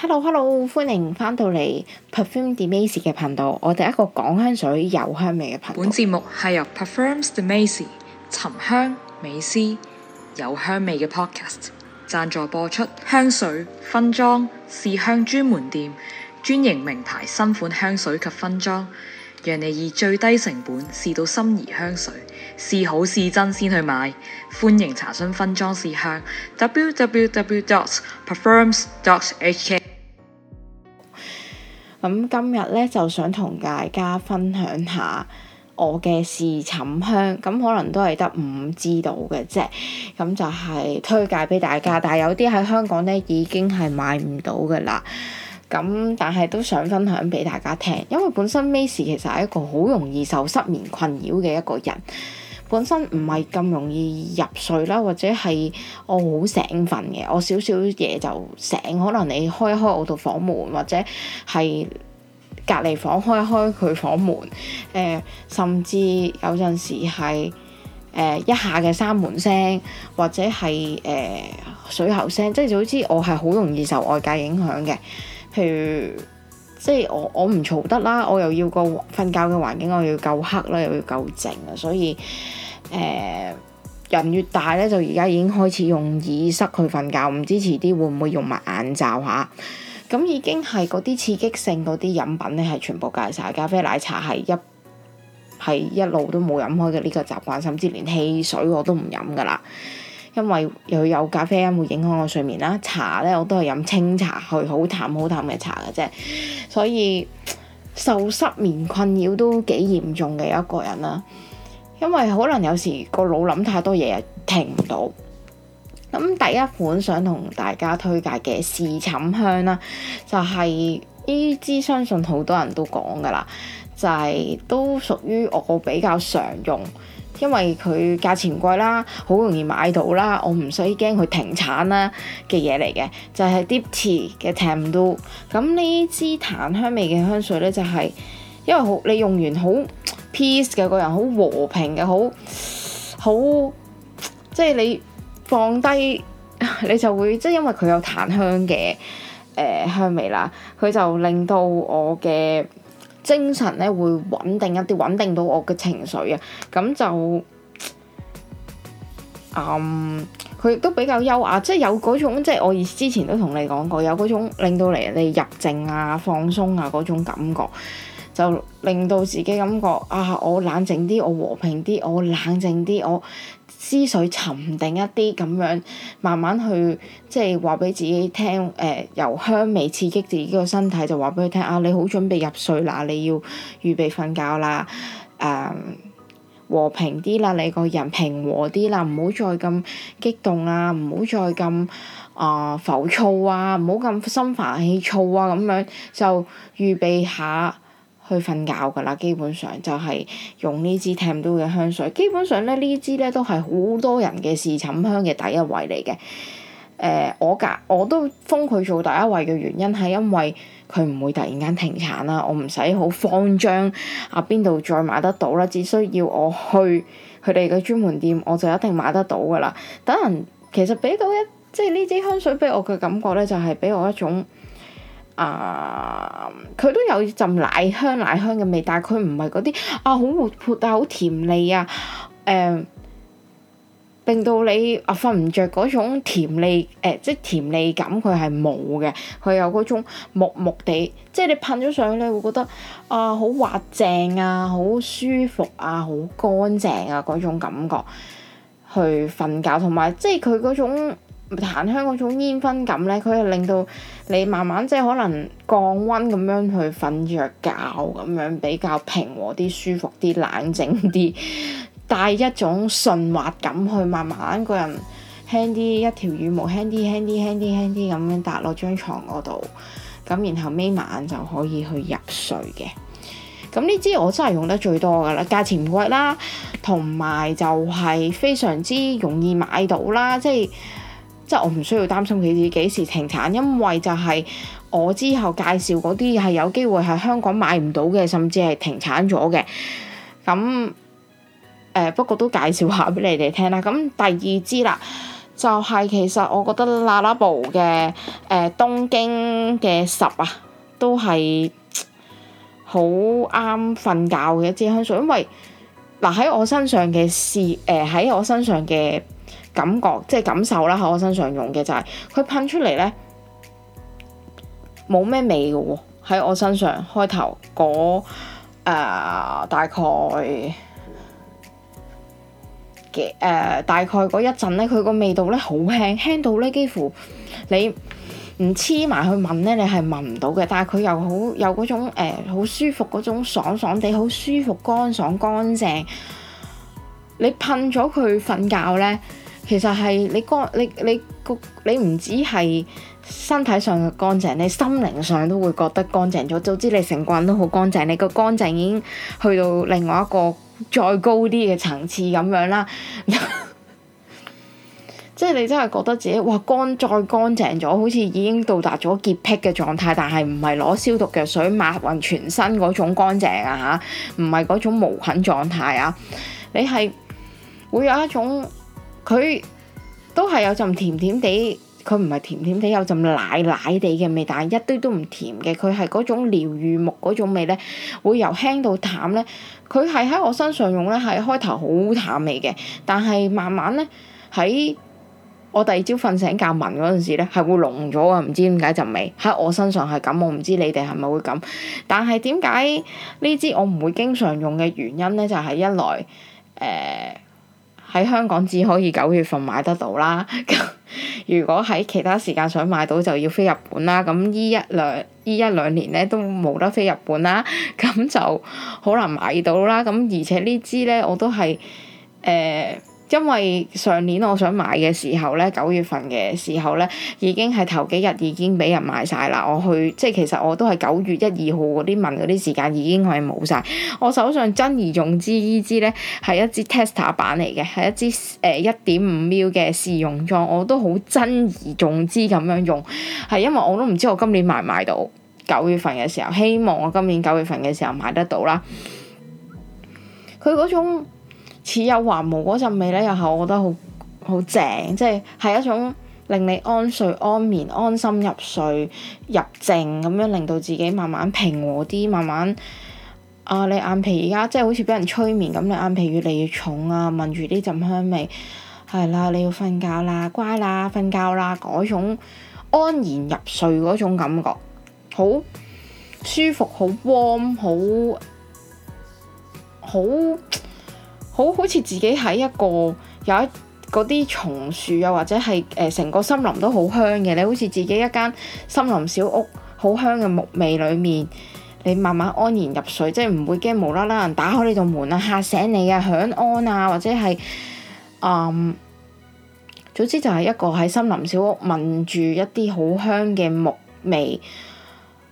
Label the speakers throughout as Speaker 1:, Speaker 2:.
Speaker 1: Hello，Hello，hello. 歡迎翻到嚟 Perfume Demise 嘅頻道，我哋一個講香水有香味嘅頻道。本節目係由 Perfume Demise 沉香美思有香味嘅 Podcast 贊助播出，香水分裝試香專門店專營名牌新款香水及分裝，讓你以最低成本試到心儀香水，試好試真先去買。歡迎查詢分裝試香 www.perfumes.hk。Www. 咁今日咧就想同大家分享下我嘅事沉香，咁可能都係得五支到嘅啫，咁就係推介俾大家。但係有啲喺香港咧已經係買唔到㗎喇，咁但係都想分享俾大家聽，因為本身 Miss 其實係一個好容易受失眠困擾嘅一個人。本身唔係咁容易入睡啦，或者係我好醒瞓嘅，我少少嘢就醒。可能你開一開我度房門，或者係隔離房開一開佢房門，誒、呃，甚至有陣時係誒、呃、一下嘅閂門聲，或者係誒、呃、水喉聲，即係就好、是、似我係好容易受外界影響嘅，譬如。即係我我唔嘈得啦，我又要個瞓覺嘅環境，我要夠黑啦，又要夠靜啊，所以誒、呃、人越大咧，就而家已經開始用耳塞去瞓覺，唔知遲啲會唔會用埋眼罩吓。咁已經係嗰啲刺激性嗰啲飲品咧係全部戒晒，咖啡、奶茶係一係一路都冇飲開嘅呢個習慣，甚至連汽水我都唔飲噶啦。因為又有咖啡因會影響我睡眠啦，茶呢我都係飲清茶，去，好淡好淡嘅茶嘅啫，所以受失眠困擾都幾嚴重嘅一個人啦。因為可能有時個腦諗太多嘢，停唔到。咁第一款想同大家推介嘅、就係沉香啦，就係呢支相信好多人都講㗎喇，就係、是、都屬於我比較常用。因為佢價錢唔貴啦，好容易買到啦，我唔使驚佢停產啦嘅嘢嚟嘅，就係 Diptyque 嘅 Tam Dao，咁呢支檀香味嘅香水咧，就係、是、因為好你用完好 peace 嘅，個人，好和平嘅，好好即係你放低，你就會即係因為佢有檀香嘅誒、呃、香味啦，佢就令到我嘅。精神咧會穩定一啲，穩定到我嘅情緒啊，咁就，啊、嗯，佢都比較優雅，即係有嗰種，即係我之前都同你講過，有嗰種令到嚟你入靜啊、放鬆啊嗰種感覺，就令到自己感覺啊，我冷靜啲，我和平啲，我冷靜啲，我，思緒沉定一啲咁樣，慢慢去即係話俾自己聽，誒、呃、由香味刺激自己個身體，就話俾佢聽啊！你好準備入睡啦，你要預備瞓覺啦，誒、嗯、和平啲啦，你個人平和啲啦，唔好再咁激動啊，唔好再咁啊、呃、浮躁啊，唔好咁心煩氣躁啊，咁樣就預備下去瞓覺噶啦，基本上就係用呢支 Tam Dao 嘅香水。基本上咧，呢支咧都係好多人嘅試沉香嘅第一位嚟嘅。誒、呃，我隔我都封佢做第一位嘅原因係因為佢唔會突然間停產啦，我唔使好慌張啊，邊度再買得到啦，只需要我去佢哋嘅專門店，我就一定買得到噶啦。等人其實俾到一，即係呢支香水俾我嘅感覺咧，就係、是、俾我一種。Uh, 奶香奶香啊！佢都有陣奶香、奶香嘅味，但係佢唔係嗰啲啊，好活潑啊，好甜膩啊，誒，令到你啊瞓唔着嗰種甜膩誒、啊，即係甜膩感佢係冇嘅，佢有嗰種木木地，即係你噴咗上去你會覺得啊，好滑淨啊，好舒服啊，好乾淨啊嗰種感覺，去瞓覺同埋即係佢嗰種。檀香嗰種煙燻感咧，佢係令到你慢慢即係可能降溫咁樣去瞓着覺咁樣比較平和啲、舒服啲、冷靜啲，帶一種順滑感去慢慢個人輕啲一,一條羽毛輕啲、輕啲、輕啲、輕啲咁樣搭落張床嗰度，咁然後眯埋眼就可以去入睡嘅。咁呢支我真係用得最多㗎啦，價錢唔貴啦，同埋就係非常之容易買到啦，即係。即係我唔需要擔心佢哋幾時停產，因為就係我之後介紹嗰啲係有機會係香港買唔到嘅，甚至係停產咗嘅。咁誒、呃、不過都介紹下俾你哋聽啦。咁第二支啦，就係、是、其實我覺得拉拉布嘅誒、呃、東京嘅十啊，都係好啱瞓覺嘅一支香水，因為嗱喺、呃、我身上嘅事、呃，誒喺我身上嘅。感覺即係感受啦，喺我身上用嘅就係佢噴出嚟呢，冇咩味嘅喎。喺我身上開頭嗰誒大概嘅誒，大概嗰、呃、一陣呢，佢個味道呢好輕輕到呢，幾乎你唔黐埋去聞呢，你係聞唔到嘅。但係佢又好有嗰種誒、好舒服嗰種爽爽地，好舒服乾爽乾淨，乾淨。你噴咗佢瞓覺呢。其實係你乾你你個你唔止係身體上嘅乾淨，你心靈上都會覺得乾淨咗。早知你成個人都好乾淨，你個乾淨已經去到另外一個再高啲嘅層次咁樣啦。即 係你真係覺得自己哇乾再乾淨咗，好似已經到達咗潔癖嘅狀態，但係唔係攞消毒藥水抹勻全身嗰種乾淨啊？嚇，唔係嗰種無菌狀態啊！你係會有一種。佢都係有陣甜甜地，佢唔係甜甜地有陣奶奶地嘅味，但係一啲都唔甜嘅。佢係嗰種療愈木嗰種味咧，會由輕到淡咧。佢係喺我身上用咧，係開頭好淡味嘅，但係慢慢咧喺我第二朝瞓醒覺聞嗰陣時咧，係會濃咗啊！唔知點解陣味喺我身上係咁，我唔知你哋係咪會咁。但係點解呢支我唔會經常用嘅原因咧，就係、是、一來誒。呃喺香港只可以九月份買得到啦，咁 如果喺其他時間想買到就要飛日本啦，咁依一兩依一兩年咧都冇得飛日本啦，咁就好難買到啦，咁而且呢支咧我都係。誒、呃。因為上年我想買嘅時候咧，九月份嘅時候咧，已經係頭幾日已經俾人買晒啦。我去即係其實我都係九月一二號嗰啲問嗰啲時間已經係冇晒。我手上珍而重之、呃、用之呢支咧係一支 tester 版嚟嘅，係一支誒一點五 ml 嘅試用裝，我都好珍而重之咁樣用，係因為我都唔知我今年買唔買到九月份嘅時候，希望我今年九月份嘅時候買得到啦。佢嗰種。似有還無嗰陣味咧，又係我覺得好好正，即係係一種令你安睡安眠、安心入睡、入靜咁樣，令到自己慢慢平和啲，慢慢啊你眼皮而家即係好似俾人催眠咁，你眼皮越嚟越重啊，聞住呢陣香味，係啦，你要瞓覺啦，乖啦，瞓覺啦，嗰種安然入睡嗰種感覺，好舒服，好 warm，好好。好好似自己喺一個有一嗰啲松樹啊，或者係誒成個森林都好香嘅，你好似自己一間森林小屋，好香嘅木味裏面，你慢慢安然入睡，即係唔會驚無啦啦人打開你棟門啊嚇醒你啊響安啊，或者係嗯，總之就係一個喺森林小屋聞住一啲好香嘅木味，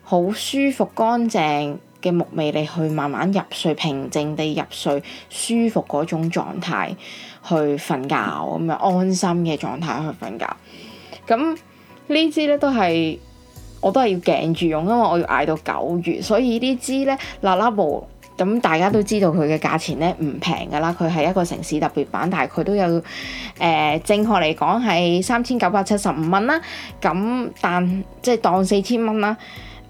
Speaker 1: 好舒服乾淨，乾淨嘅木味，你去慢慢入睡，平靜地入睡，舒服嗰種狀態去瞓覺，咁樣安心嘅狀態去瞓覺。咁呢支咧都係我都係要鏡住用，因為我要挨到九月，所以呢支咧 Le Labo，咁大家都知道佢嘅價錢咧唔平噶啦，佢係一個城市特別版，但係佢都有誒、呃、正確嚟講係三千九百七十五蚊啦。咁但即係、就是、當四千蚊啦，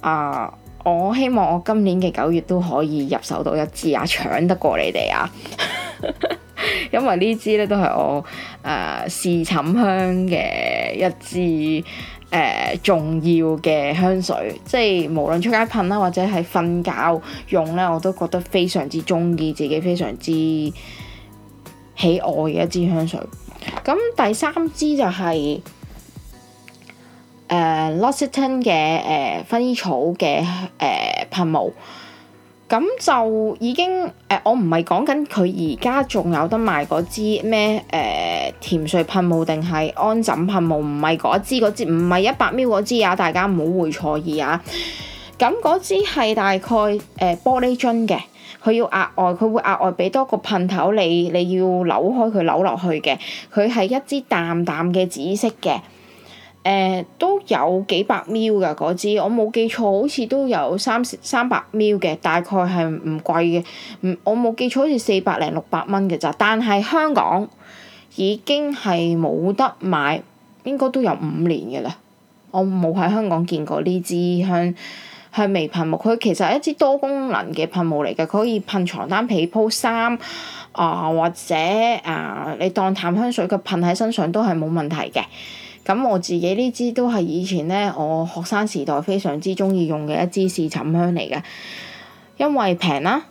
Speaker 1: 啊、呃！我希望我今年嘅九月都可以入手到一支啊，搶得過你哋啊！ 因為呢支咧都係我誒試沉香嘅一支誒、呃、重要嘅香水，即係無論出街噴啦、啊，或者係瞓覺用咧、啊，我都覺得非常之中意，自己非常之喜愛嘅一支香水。咁第三支就係、是。誒、呃、L'Occitane 嘅誒薰、呃、衣草嘅誒、呃、噴霧，咁就已經誒、呃，我唔係講緊佢而家仲有得賣嗰支咩誒甜睡噴霧定係安枕噴霧，唔係嗰支，嗰支，唔係一百 ml 嗰支啊！大家唔好會錯意啊！咁嗰支係大概誒、呃、玻璃樽嘅，佢要額外，佢會額外俾多個噴頭你，你你要扭開佢扭落去嘅，佢係一支淡淡嘅紫色嘅。誒、呃、都有幾百 ml 㗎嗰支，我冇記錯，好似都有三十三百 ml 嘅，大概係唔貴嘅。唔，我冇記錯好似四百零六百蚊嘅咋，但係香港已經係冇得買，應該都有五年嘅啦。我冇喺香港見過呢支香香味噴霧，佢其實係一支多功能嘅噴霧嚟嘅，佢可以噴床單、被鋪、衫啊，或者啊、呃，你當淡香水，佢噴喺身上都係冇問題嘅。咁我自己呢支都係以前呢，我學生時代非常之中意用嘅一支是沉香嚟嘅，因為平啦，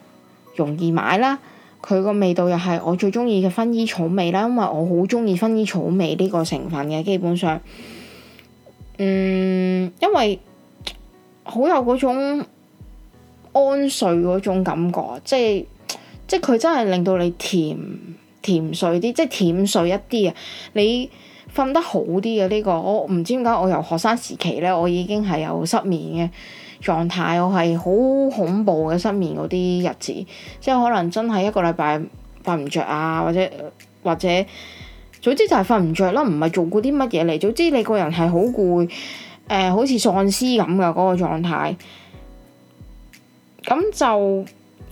Speaker 1: 容易買啦，佢個味道又係我最中意嘅薰衣草味啦，因為我好中意薰衣草味呢個成分嘅，基本上，嗯，因為好有嗰種安睡嗰種感覺，即係即係佢真係令到你甜甜睡啲，即係甜睡一啲啊，你。瞓得好啲嘅呢個，我唔知點解。我由學生時期咧，我已經係有失眠嘅狀態，我係好恐怖嘅失眠嗰啲日子，即係可能真係一個禮拜瞓唔着啊，或者或者，總之就係瞓唔着啦，唔係做過啲乜嘢嚟，總之你個人係、呃、好攰，誒好似喪屍咁嘅嗰個狀態，咁就。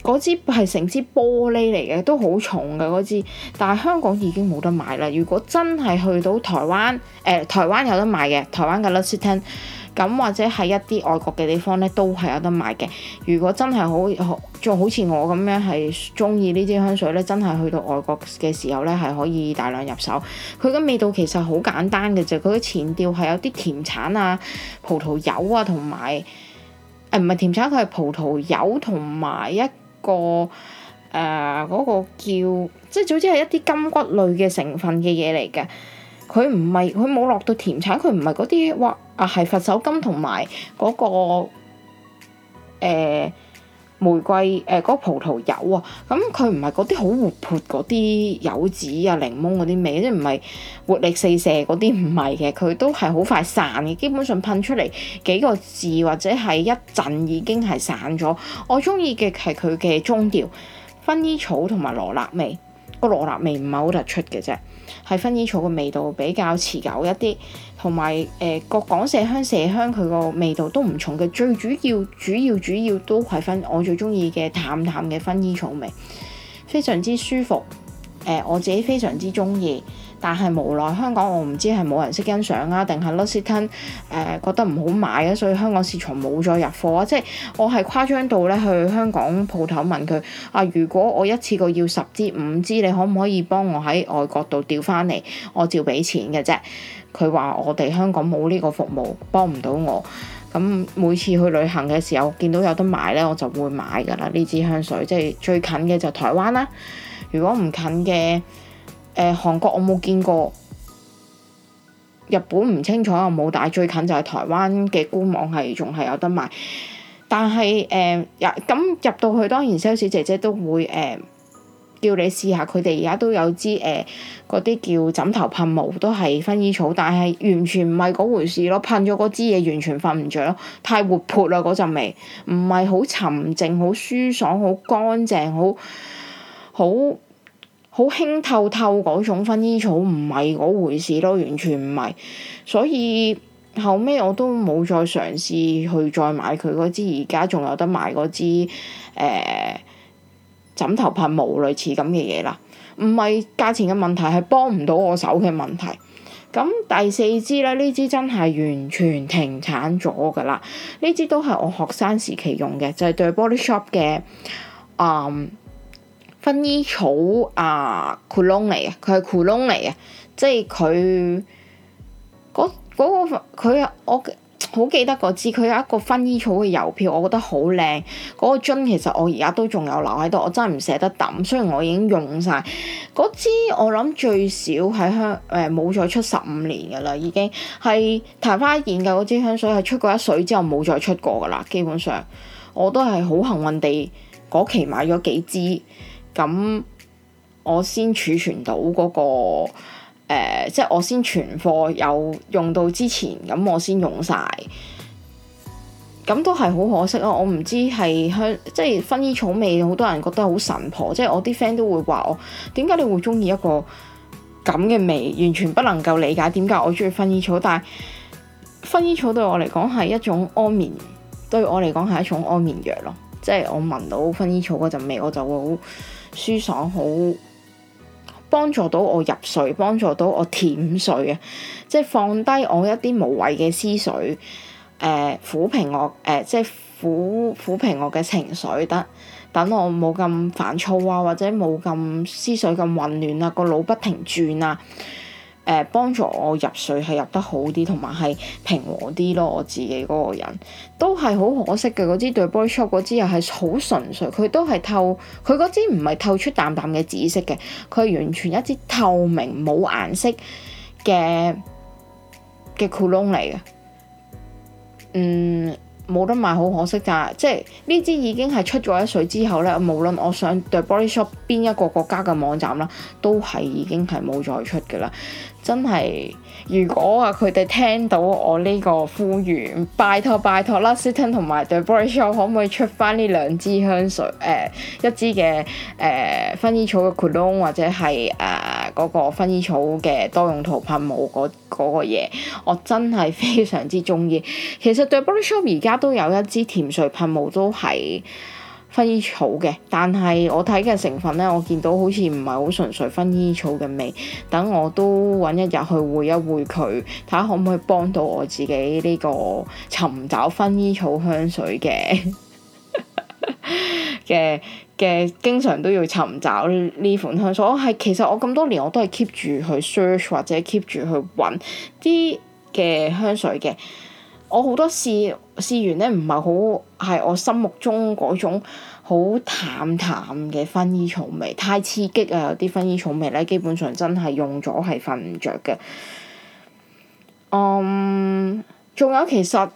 Speaker 1: 嗰支係成支玻璃嚟嘅，都好重嘅嗰支。但係香港已經冇得買啦。如果真係去到台灣，誒、呃、台灣有得賣嘅，台灣嘅 L'Occitane，咁或者係一啲外國嘅地方咧，都係有得賣嘅。如果真係好，做好似我咁樣係鍾意呢支香水咧，真係去到外國嘅時候咧，係可以大量入手。佢嘅味道其實好簡單嘅，就佢嘅前調係有啲甜橙啊、葡萄柚啊，同埋誒唔係甜橙，佢係葡萄柚同埋一。個誒嗰個叫即係總之係一啲金骨類嘅成分嘅嘢嚟嘅，佢唔係，佢冇落到甜橙，佢唔係嗰啲哇啊係佛手柑同埋嗰個誒。欸玫瑰誒，嗰葡萄柚啊，咁佢唔係嗰啲好活潑嗰啲柚子啊檸檬嗰啲味，即唔係活力四射嗰啲唔係嘅，佢都係好快散嘅，基本上噴出嚟幾個字或者係一陣已經係散咗。我中意嘅係佢嘅中調薰衣草同埋羅勒味。個羅勒味唔係好突出嘅啫，係薰衣草嘅味道比較持久一啲，同埋誒各港麝香麝香佢個味道都唔重嘅，最主要主要主要都係分我最中意嘅淡淡嘅薰衣草味，非常之舒服，誒、呃、我自己非常之中意。但係無奈香港，我唔知係冇人識欣賞啊，定係 Lusitan 覺得唔好買啊，所以香港市場冇再入貨啊。即係我係誇張到咧去香港鋪頭問佢啊，如果我一次過要十支五支，G，你可唔可以幫我喺外國度調翻嚟？我照俾錢嘅啫。佢話我哋香港冇呢個服務，幫唔到我。咁每次去旅行嘅時候，見到有得買咧，我就會買㗎啦。呢支香水即係最近嘅就台灣啦、啊。如果唔近嘅，誒、呃、韓國我冇見過，日本唔清楚啊冇，但最近就係台灣嘅官網係仲係有得賣。但係誒咁入到去，當然 sales 姐姐都會誒、呃、叫你試下。佢哋而家都有支誒嗰啲叫枕頭噴霧，都係薰衣草，但係完全唔係嗰回事咯。噴咗嗰支嘢，完全瞓唔着咯，太活潑啦嗰陣味，唔係好沉靜、好舒爽、好乾淨、好好。好輕透透嗰種薰衣草唔係嗰回事咯，完全唔係。所以後尾我都冇再嘗試去再買佢嗰支，而家仲有得買嗰支誒枕頭噴霧類似咁嘅嘢啦。唔係價錢嘅問題，係幫唔到我手嘅問題。咁第四支咧，呢支真係完全停產咗㗎啦。呢支都係我學生時期用嘅，就係、是、對 Body Shop 嘅啊。嗯薰衣草啊 Cologne 嚟嘅，佢係 Cologne 嚟嘅，即係佢嗰個佢我好記得嗰支。佢有一個薰衣草嘅郵票，我覺得好靚嗰個樽。其實我而家都仲有留喺度，我真係唔捨得抌。雖然我已經用晒，嗰支，我諗最少喺香誒冇、哎、再出十五年嘅啦，已經係曇花一現嗰支香水係出過一水之後冇再出過噶啦。基本上我都係好幸運地嗰期買咗幾支。咁我先儲存到嗰個誒，即係我先存貨有用到之前，咁我先用晒。咁都係好可惜囉，我唔知係香，即係薰衣草味，好多人覺得好神婆。即係我啲 friend 都會話我，點解你會中意一個咁嘅味？完全不能夠理解點解我中意薰衣草。但係薰衣草對我嚟講係一種安眠，對我嚟講係一種安眠藥咯。即係我聞到薰衣草嗰陣味，我就會好舒爽，好幫助到我入睡，幫助到我甜睡啊！即係放低我一啲無謂嘅思緒，誒、呃、撫平我誒、呃、即係撫撫平我嘅情緒，得等我冇咁煩躁啊，或者冇咁思緒咁混亂啊，個腦不停轉啊！誒、幫助我入睡係入得好啲，同埋係平和啲咯。我自己嗰個人都係好可惜嘅，嗰支 The Body Shop 嗰支又係好純粹，佢都係透，佢嗰支唔係透出淡淡嘅紫色嘅，佢係完全一支透明冇顏色嘅嘅窟窿嚟嘅，嗯。冇得賣，好可惜咋！即係呢支已經係出咗一水之後咧，無論我想 The Body Shop 邊一個國家嘅網站啦，都係已經係冇再出嘅啦。真係，如果啊佢哋聽到我呢個呼籲，拜託拜託啦 s o t t o n 同埋 The Body Shop 可唔可以出翻呢兩支香水？誒、呃，一支嘅誒薰衣草嘅 cologne 或者係啊～、呃嗰個薰衣草嘅多用途噴霧嗰個嘢，我真係非常之中意。其實對 Body Shop 而家都有一支甜水噴霧，都係薰衣草嘅，但係我睇嘅成分咧，我見到好似唔係好純粹薰衣草嘅味。等我都揾一日去會一會佢，睇下可唔可以幫到我自己呢個尋找薰衣草香水嘅嘅。嘅經常都要尋找呢款香水，我係其實我咁多年我都係 keep 住去 search 或者 keep 住去揾啲嘅香水嘅。我好多試試完呢，唔係好係我心目中嗰種好淡淡嘅薰衣草味，太刺激啊！有啲薰衣草味呢，基本上真係用咗係瞓唔着嘅。嗯，仲有其實。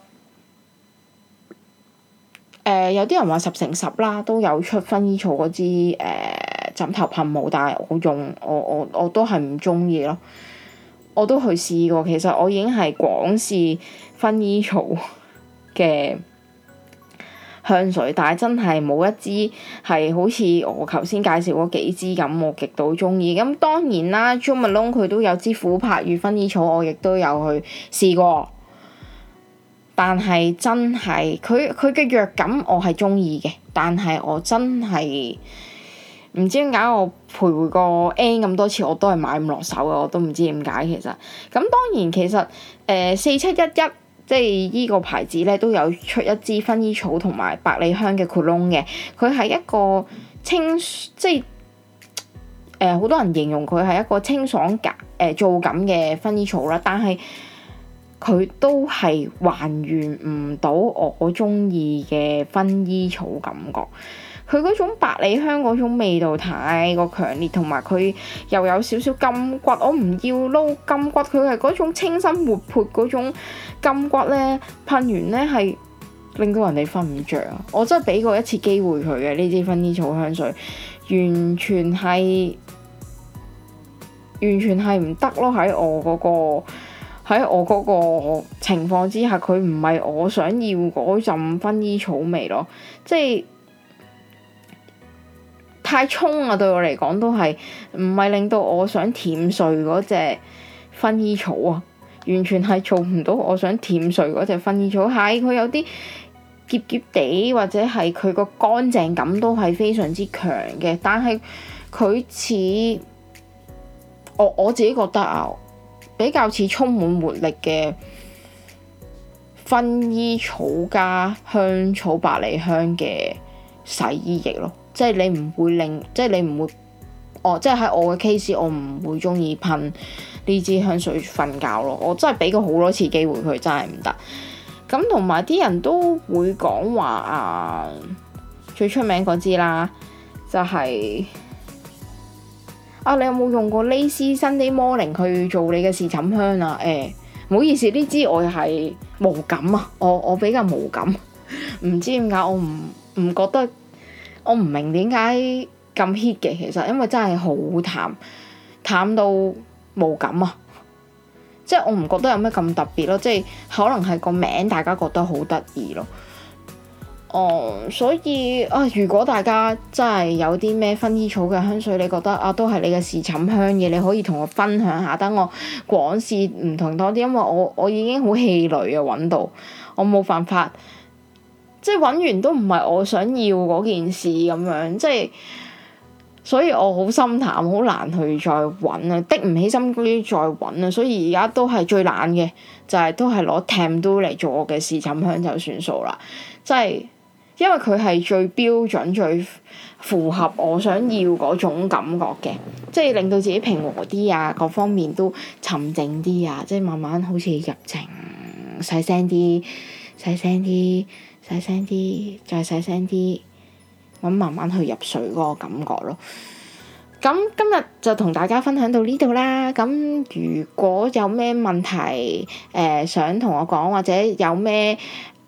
Speaker 1: 誒、呃、有啲人話十成十啦，都有出薰衣草嗰支誒枕頭噴霧，但係我用我我我都係唔中意咯。我都去試過，其實我已經係廣試薰衣草嘅香水，但係真係冇一支係好似我頭先介紹嗰幾支咁，我極度中意。咁當然啦，Jo Malone 佢都有支琥珀與薰衣草，我亦都有去試過。但係真係佢佢嘅藥感我係中意嘅，但係我真係唔知點解我徘徊過 N 咁多次我都係買唔落手嘅，我都唔知點解其實。咁當然其實誒四七一一即係依個牌子咧都有出一支薰衣草同埋百里香嘅古龍嘅，佢係一個清即係誒好多人形容佢係一個清爽、呃、皂感誒皂感嘅薰衣草啦，但係。佢都係還原唔到我中意嘅薰衣草感覺，佢嗰種百里香嗰種味道太過強烈，同埋佢又有少少金骨，我唔要撈金骨，佢係嗰種清新活潑嗰種金骨咧，噴完咧係令到人哋瞓唔著。我真係俾過一次機會佢嘅呢支薰衣草香水，完全係完全係唔得咯喺我嗰個。喺我嗰個情況之下，佢唔係我想要嗰陣薰衣草味咯，即係太沖啊！對我嚟講都係唔係令到我想舔睡嗰隻薰衣草啊？完全係做唔到我想舔睡嗰隻薰衣草。係，佢有啲澀澀地，或者係佢個乾淨感都係非常之強嘅，但係佢似我，我自己覺得啊。比較似充滿活力嘅薰衣草加香草百里香嘅洗衣液咯，即係你唔會令，即係你唔會，哦，即係喺我嘅 case，我唔會中意噴呢支香水瞓覺咯。我真係俾過好多次機會，佢真係唔得。咁同埋啲人都會講話啊，最出名嗰支啦，就係、是。啊！你有冇用過呢？Lazy Sunday Morning 去做你嘅試寢香啊？誒、欸，唔好意思，呢支我係無感啊！我我比較無感，唔 知點解我唔唔覺得，我唔明點解咁 hit 嘅。其實因為真係好淡，淡到無感啊！即 係我唔覺得有咩咁特別咯，即係可能係個名大家覺得好得意咯。哦，oh，所以啊，如果大家真係有啲咩薰衣草嘅香水，你覺得啊，都係你嘅試寢香嘅，你可以同我分享下，等我廣試唔同多啲，因為我我已經好氣餒啊，揾到我冇辦法，即係揾完都唔係我想要嗰件事咁樣，即係，所以我好心淡，好難去再揾啊，的唔起心機再揾啊，所以而家都係最懶嘅，就係、是、都係攞 Tam Dao 嚟做我嘅試寢香就算數啦，即係。因為佢係最標準、最符合我想要嗰種感覺嘅，即係令到自己平和啲啊，各方面都沉靜啲啊，即係慢慢好似入靜，細聲啲、細聲啲、細聲啲，再細聲啲，咁慢慢去入睡嗰個感覺咯。咁今日就同大家分享到呢度啦。咁如果有咩問題，誒、呃、想同我講，或者有咩，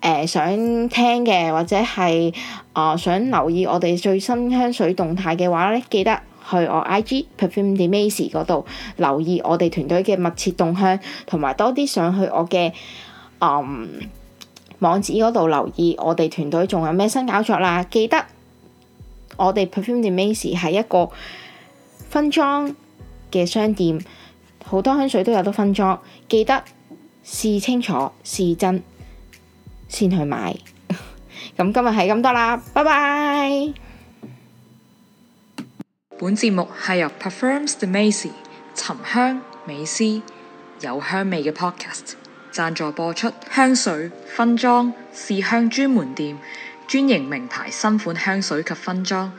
Speaker 1: 誒、呃、想聽嘅或者係啊、呃、想留意我哋最新香水動態嘅話咧，記得去我 IG perfume de macy 嗰度留意我哋團隊嘅密切動向，同埋多啲上去我嘅嗯網址嗰度留意我哋團隊仲有咩新搞作啦！記得我哋 perfume de macy 係一個分裝嘅商店，好多香水都有得分裝，記得試清楚試真。先去買，咁 今日係咁多啦，拜拜。本節目係由 Performs the Macy 沉香美思有香味嘅 Podcast 贊助播出，香水分裝試香專門店，專營名牌新款香水及分裝。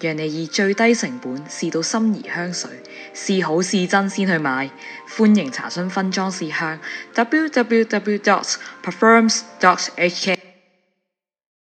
Speaker 1: 讓你以最低成本試到心儀香水，試好試真先去買。歡迎查詢分裝試香，www.perfumes.hk dot。Www.